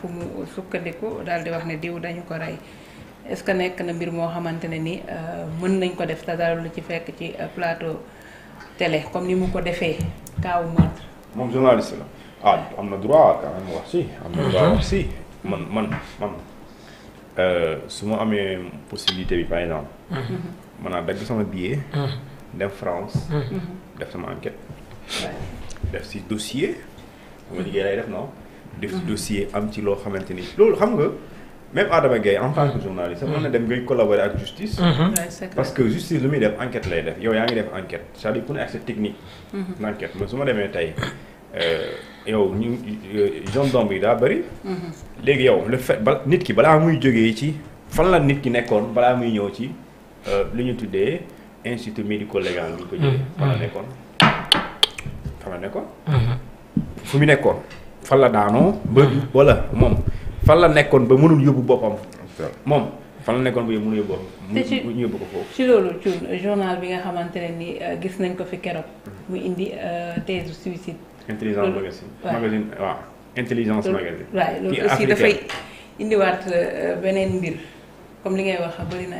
fu mu sukkandiku daal di wax ne diw dañu ko rey est-ce que nekk na mbir moo xamante ne ni euh, mën nañ ko def te dara lu ci fekk ci euh, plateau télé comme ni mu ko defee kaawu meurtre. moom journaliste la ah, am na droit quand si. na droit wax si mm-hmm. man man man euh, su ma amee possibilité bi par exemple. Mm-hmm. maanaam dagg sama billet. Mm-hmm. dem France. def sama enquête. def si dossier. bu liggéey lay def non. def ci dossier am ci loo xamante ni loolu xam nga même Adama Gaye en tant que journaliste mën na dem ngay collaborer ak justice mm-hmm. parce que justice lu muy def enquête lay def yow yaa ngi def enquête c'est-à-dire ku ne accès technique mm-hmm. l'enquête man su ma demee tey euh, yow ñu gendarme euh, yi daa bëri mm-hmm. léegi yow le fait ba nit ki balaa muy jógee ci fan la nit ki nekkoon balaa muy ñëw ci euh, li ñu tuddee institut médico légal bi ko jógee fan la nekkoon fan fu mu nekkoon fan la daanoo. ba mm-hmm. wala moom fan la nekkoon ba mënul yóbbu boppam. moom fan la nekkoon ba mënul yóbbu boppam. te ci yóbbu ko foofu. ci loolu Thioune journal bi nga xamante ne ni euh, gis nañ ko fi keroog. Mm-hmm. mu indi euh, thèse suicide. intelligence magazine magazine waaw intelligence magazine. waaw loolu aussi dafay indiwaat euh, beneen mbir. comme li ngay wax bëri na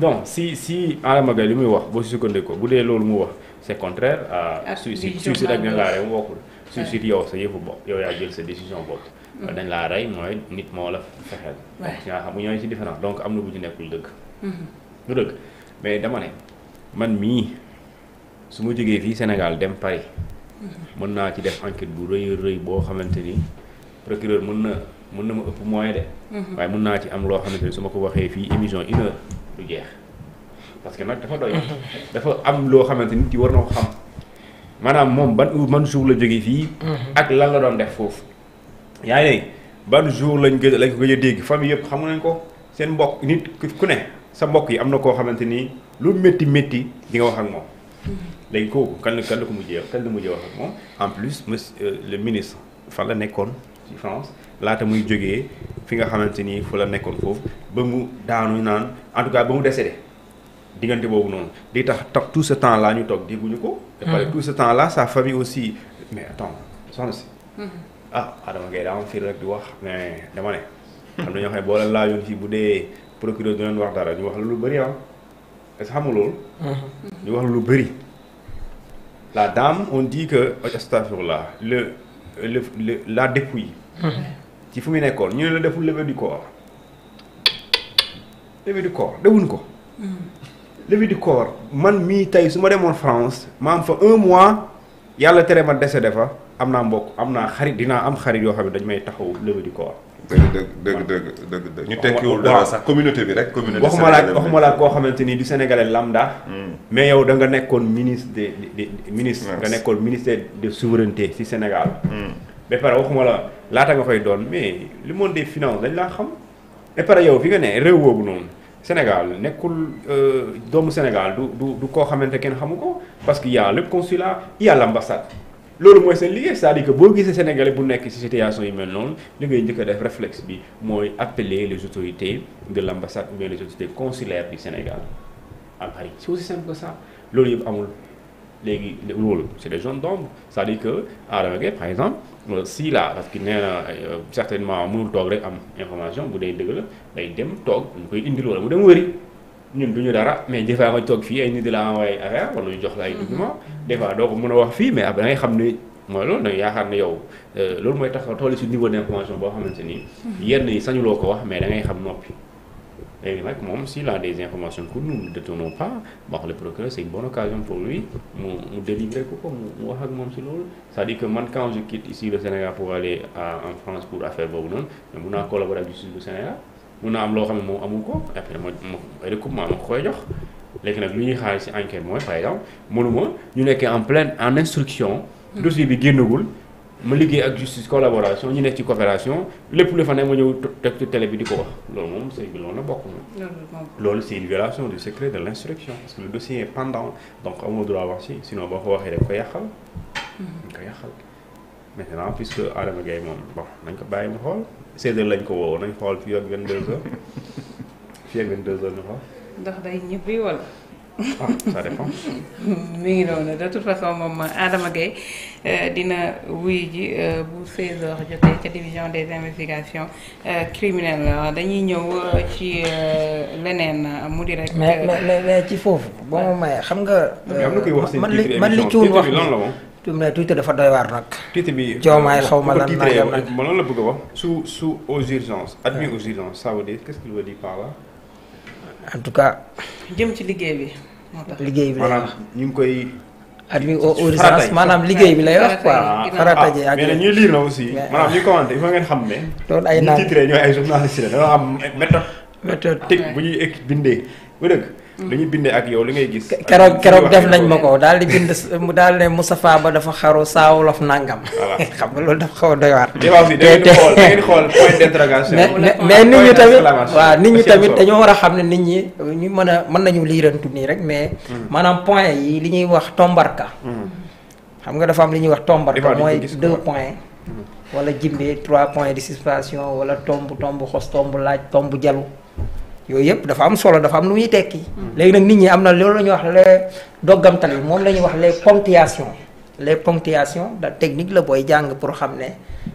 donc si si Adama li muy wax boo si sukkandee ko bu dee loolu mu wax. c'est contraire à ah, suicide suicide ak ñu laa rey yow sa yëfu bopp yow yaa jël sa décision bopp mm. dañ laa rey mooy nit moo la fexeel ñaa xam ñooy ci différence donc am na bu ñu nekkul dëgg lu mm-hmm. dëgg mais dama ne man mii su ma jógee fii Sénégal dem Paris mm-hmm. mën naa ci def enquête bu rëy rëy boo xamante ni procureur mën na mën na ma ëpp moyen de mm-hmm. waaye mun naa ci am loo xamante ni su ma ko waxee fii émission une heure du jeex parce que nag dafa doy. dafa am loo xamante nit yi war na ko xam maanaam moom ban ban jour la jógee fii. Mhm. ak lan la doon def foofu. yaa ngi dégg lañ gëj lañ ko dégg famille yëpp xam nañ ko seen ku ne sa mbokk yi am na koo xamante ni lu métti métti di wax ak moom. Mhm. léegi kooku kan la ko mujjee kan la mujjee wax ak moom en plus monsieur euh, le ministre fan la nekkoon ci laata muy jógee fi nga xamante ni fu la nekkoon foofu ba mu daanu naan en tout cas ba mu décédé. diggante boobu noonu di tax tax tout ce temps là ñu toog dégguñu ko. te pare mm-hmm. tout ce temps là famille aussi mais attends soxna si. Mm-hmm. ah Adama Gaye daa am fii di wax mais dama ne. am na ñoo xam ne boo la laajoon fii bu dee procureur du leen wax dara ñu wax la lu bari ah est-ce que xam nga loolu. Mm-hmm. ñu wax la lu bëri. la dame on dit que astaghfirullah le le le la ci fu muy nekkoon ñu ne la deful levée du corps. levée du corps defuñu ko. levée du corps man mii tey su ma demoon France ma am fa un mois yàlla tere ma décédé fa am naa mbokk am naa xarit dinaa am xarit yoo xam ne dañu may taxaw levée du corps. dëgg dëgg dëgg dëgg dëgg. ñu tekkiwul dara sax communauté bi rek. communauté waxuma laa waxuma laa koo xamante ni du sénégalais lambda. Hmm. mais yow da nga nekkoon ministre de de ministre. nga nekkoon ministère de souveraineté ci Sénégal. Hmm. ba pare waxuma la laata nga fay doon mais le monde des finance dañ laa xam. ba pare yow fi nga ne réew boobu noonu. Sénégal nekkul euh, doomu Sénégal du du du koo xamante kenn xamu ko parce que y a le consulat y a l'ambassade loolu mooy seen liggéey cest à que boo gisee sénégalais bu nekk ci situation yu mel noonu li ngay njëkk def réflexe bi mooy appeler les autorités de l'ambassade ou bien les autorités consulaires du Sénégal à Paris c'est aussi simple que ça loolu yëpp amul. léegi loolu c' est des zones d'ombre cest à que Adama Gueye par exemple si là parce que nee euh, na certainement mënul toog rek am information bu dee dëgg la day dem toog ñu koy indil wala mu dem wëri ñun du ñu dara mais des nga toog fii ay nit di la envoyé affaire wala ñu jox la ay mm-hmm. document des fois doo ko mën a wax fii mais après da xam ni mooy loolu nag yaakaar ne yow euh, loolu mooy tax toll si niveau d' boo xamante ni mm-hmm. yenn yi sañuloo ko wax mais da ngay xam noppi léegi nag moom s'il a des informations que nous ne détenons pas wax le procureur c'est une bonne occasion pour lui mu mu délivrer ko ko mu wax ak moom si loolu c'est-à-dire que man quand je quitte ici le Sénégal pour aller en France pour affaire boobu noonu mun naa collaborer ak justice bu Sénégal mun naa am loo xam moom amul ko après ma ma recoupement lu nekkee en pleine en instruction dossier bi génnagul ma liggéey ak justice collaboration ñu nekk ci coopération teg ci télé bi di ko wax loolu moom sëñ bi loolu na bokk na loolu c'est une violation du secret de l'instruction parce que le dossier est pendant donc amoo droit wax ci sinon boo ko waxee rek ko yàqal mhm. dañ ko yàqal maintenant puisque Adama Gaye moom bon nañ ko bàyyi mu xool 16 heures lañ ko woo nañ xool fii ak 22 heures fii ak 22 heures ñu ndax day ñibbi wala ça oh, dépend. mi ngi noonu de toute façon moom Adama Gueye euh, dina wuy ji euh, bu 16h jotee ca division des investigations euh, criminelles dañuy ñëw ci leneen mu di rek. mais mais ci foofu. boo ma mayee xam nga. man li man li cuun wax tuum dafa doy waar nag. tuuti joomaay xaw ma lan nag ma loolu la bëgg a wax. sous sous aux urgences. admis aux urgences ça veut dire qu'est-ce qu'il veut en tout cas. jëm ci liggéey bi moo tax. liggéey bi lay wax ñu ngi koy. at mi au urgence maanaam liggéey bi lay wax quoi. farata ji ak mais ñuy lire la aussi. maanaam ñuy commenté ngeen xam ne. loolu ay naan ñuy titré ñooy ay journaliste la dañoo am méthode. méthode bindee bu dëgg. li ñu bindee ak yow li ngay gis. keroog keroog def nañ ma ko daal di bind mu daal ne Moustapha Ba dafa xaru saa wolof nangam. xam nga loolu dafa xaw a doy waar. mais nit ñi tamit waaw nit ñi tamit dañoo war a xam ne nit ñi ñu mën a mën nañu liirantu nii rek mais. Mm. maanaam point yi li ñuy wax tombarka. Mm. xam nga dafa am li ñuy wax tombarka mooy deux points. Mm. wala jimbe trois points de suspension wala tomb tomb xos tomb laaj tomb jalu yooyu yëpp dafa am solo dafa am lu muy tekki. léegi nag nit ñi am na loolu la ñuy wax les doggamtal moom la ñuy wax les ponctuations les ponctuations da technique la booy jàng pour xam ne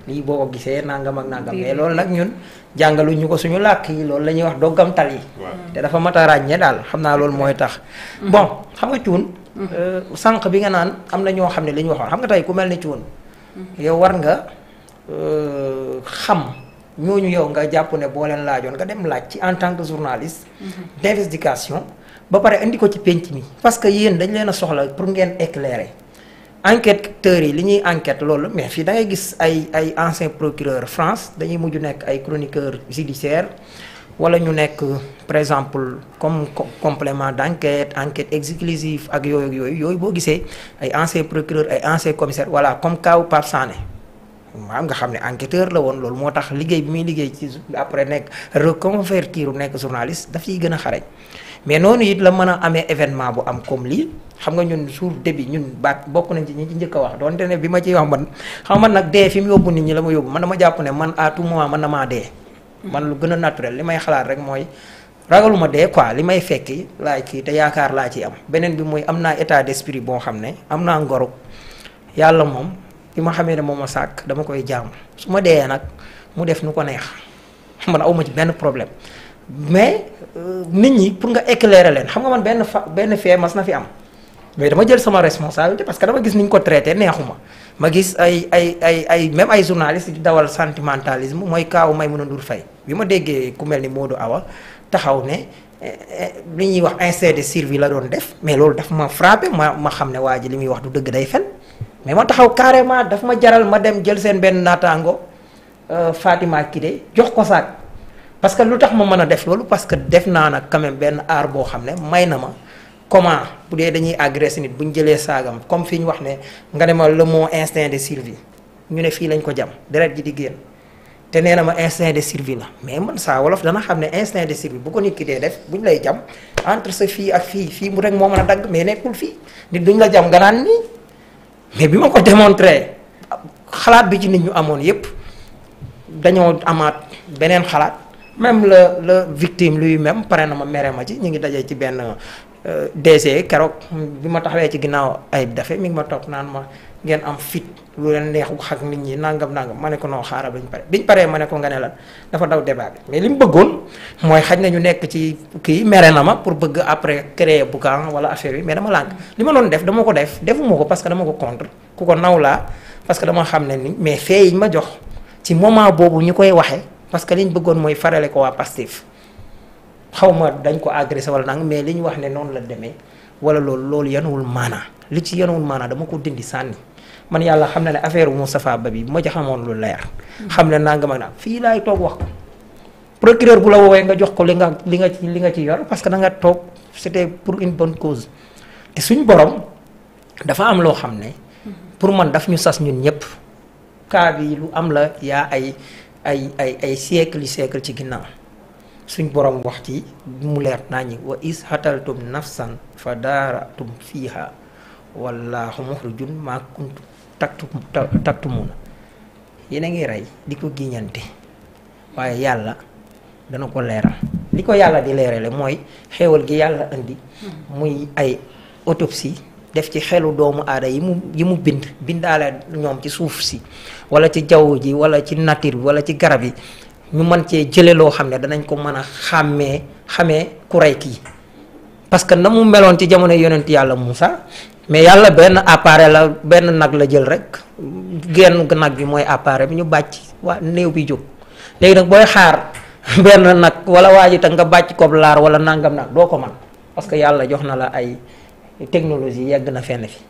lii boo gisee nangam ak nangam. mais loolu nag ñun jàngalu ko suñu làkk yi loolu la ñuy wax doggamtal yi. te dafa mat a ràññee daal xam naa loolu mooy tax. Mm-hmm. bon xam nga cuun. Mm-hmm. Euh, sànq bi nga naan am na ñoo xam ne li ñu waxoon xam nga tey ku mel ni cuun. Mm-hmm. yow war nga euh, xam. ñooñu yow nga jàpp ne boo leen laajoon nga dem laaj ci en tant que journaliste. Mhm. d'investigation ba pare indi ko ci penc mi. parce que yéen dañu leen a soxla pour ngeen enquête enquêteurs yi li ñuy enquête loolu mais fii da ngay gis ay ay anciens procureurs France dañuy mujj nekk ay chroniqueurs judiciaires wala ñu nekk par exemple comme complément d'enquête enquête exclusive ak yooyu yooyu yooyu boo gisee ay anciens procureurs ay anciens commissaires voilà comme Kaaw Pape Sané. maam nga xam ne enquêteur la woon loolu moo tax liggéey bi muy liggéey ci après nekk reconvertir nekk journaliste daf gën a xarañ mais noonu it la mën a amee événement bu am comme lii xam nga ñun suur début ñun baat bokk nañ ci ñi ci njëkk a wax donte ne bi ma ciy wax man xam man nag dee fi mu yóbbu nit ñi la ma yóbbu man dama jàpp ne man à tout moment man na maa dee. man lu gën a naturel li may xalaat rek mooy ragaluma dee quoi li may fekki laay kii te yaakaar laa ciy am beneen bi mooy am naa état d'esprit boo xam ne am naa ngorug yàlla moom. bi ma xamee ne moom ma sàkk dama koy jaamu su ma deeyee nag mu def nu ko neex man awma ci benn problème mais euh, nit ñi pour nga éclairer leen xam nga man benn fa benn fee mas na fi am mais dama jël sama responsabilité parce que dama gis ni ñu ko traité neexu ma ma gis ay ay ay ay même ay journalistes di dawal sentimentalisme mooy kaaw may mën a ndur fay bi ma déggee ku mel ni moo du Awa taxaw ne eh, eh, li ñuy wax instinct de survie la doon def mais loolu daf ma frappé ma ma xam ne waa li muy wax du dëgg day fen mais ma taxaw carrément dafa ma jaral ma dem jël seen benn naataango euh, Fatima Kide jox ko saak parce que lu tax ma mën a def loolu parce que def naa nag comme benn aar boo xam ne may na ma comment bu dee dañuy agressé nit bu ñu jëlee saagam comme fii ñu wax ne nga ne ma le moo instinct de survie ñu ne fii lañ ko jam deret ji di génn te nee na ma instinct de survie na mais man saa wolof dana xam ne instinct de survie bu ko nit ki dee def bu ñu lay jam entre sa fii ak fii fii mu rek moo mën a dagg mais nekkul fii nit duñ la jam nga naan mais bi ma ko démontré xalaat bi ci nit ñu amoon yépp dañoo amaat beneen xalaat même la la victime luy même pare na ma mere ma ci ñu ngi dajee ci benn Euh, DG keroog bi ma tax taxawee ci ginnaaw ayib dafe mi ngi ma topp naan ma ngeen am fit lu leen neex wax nit ñi nangam nangam ma ne ko noo xaaral bañ pare biñ paree ma ne ko nga ne la dafa daw débat bi mais li mu bëggoon mooy xaj na ñu nekk ci kii mere na ma pour bëgg après créer boucan wala affaire bi mais dama lànk li ma doon def dama ko def defuma ko parce que dama ko contre ku ko naw laa parce que dama xam ne ni mais fee yi ma jox ci moment boobu ñu koy waxee parce que liñ bëggoon mooy farale ko waa Pastef xaw ma dañ ko agressé wala nang mais li ñu wax ne noonu la demee wala loolu loolu yanuwul maanaa li ci yanuwul maanaa dama ko dindi sànni man yàlla xam na ne affaire Moustapha Ba bi bu ma ci xamoon lu leer. Hmm. xam ne nangam ak naam fii laay toog wax ko. procureur bu la woowee nga jox ko li nga li nga ci li nga ci yor parce que da nga toog c'était pour une bonne cause te suñ borom dafa am loo xam ne. Hmm. pour man daf ñu sas ñun ñëpp cas bi lu am la yaa ay ay ay ay siècle ci ginnaaw. suñ boroom wax ci mu leer nañu wa is xataltum nafsan fa daaratum fiiha wallaahu muxrijun maa kuntum taktu taktumuna yéen a ngi rey di ko giñante waaye yàlla dana ko leeral li ko yàlla di leerale mooy xewal gi yàlla indi mm-hmm. muy ay autopsie def ci xelu doomu aada yi mu yi bind bindaale ñoom ci suuf si wala ci jaww ji wala ci nature bi wala ci garab yi ñu mën cee jële loo xam ne danañ ko mën a xàmmee xamee ku rey kii parce que na mu meloon ci jamono yonent yàlla Moussa mais yàlla benn appareil la benn nag la jël rek genn nag bi mooy appareil bi ñu bàcc waa néew bi jóg léegi nag booy xaar benn nag wala waa ji nga bàcc ko laar wala nangam nag doo ko man parce que yàlla jox na la ay technologie yegg na fenn fi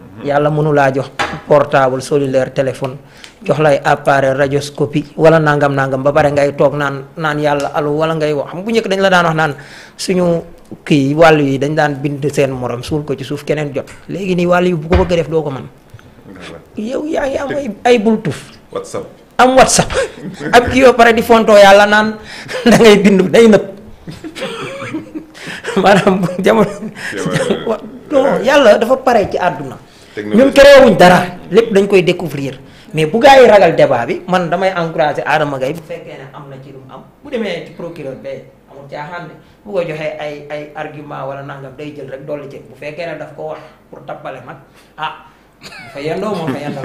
Mm-hmm. yàlla mënu laa jox portable solileer téléphone jox lay appareil radioscopie wala nangam nangam ba pare ngay toog naan naan yàlla alu wala ngay wax bu njëkk dañ la daan wax naan suñu kii wàll yi dañ daan bind seen morom suul ko ci suuf keneen jot léegi nii wàllu yi bu ko bëgg a def doo ko mën yow yaa ngi am ay bultuf whatsapp am whatsapp ak kii yoo pare di fontoo yàlla naan da ngay bind day nëb maanaam jamono yàlla dafa pare ci àdduna ñun créé wuñ dara lépp dañ koy découvrir mais bu gaa yi ragal débat bi man damay encouragé Adama Gaye bu fekkee ne am na ci lu am bu demee ci procureur bee amul caaxaan ne bu ko joxee ay ay argument wala nangam day jël rek dolli ci bu fekkee ne daf ko wax pour tappale mag ah dafa yendoo moo a yendoo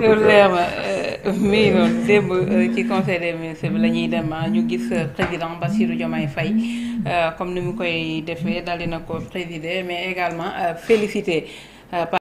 loolu leer na mii noonu démb ci conseil des ministres bi la ñuy dem ñu gis président Bassirou Diomaye Faye eh, comme ni mu koy defee daldi na ko présider mais également eh, féliciter eh,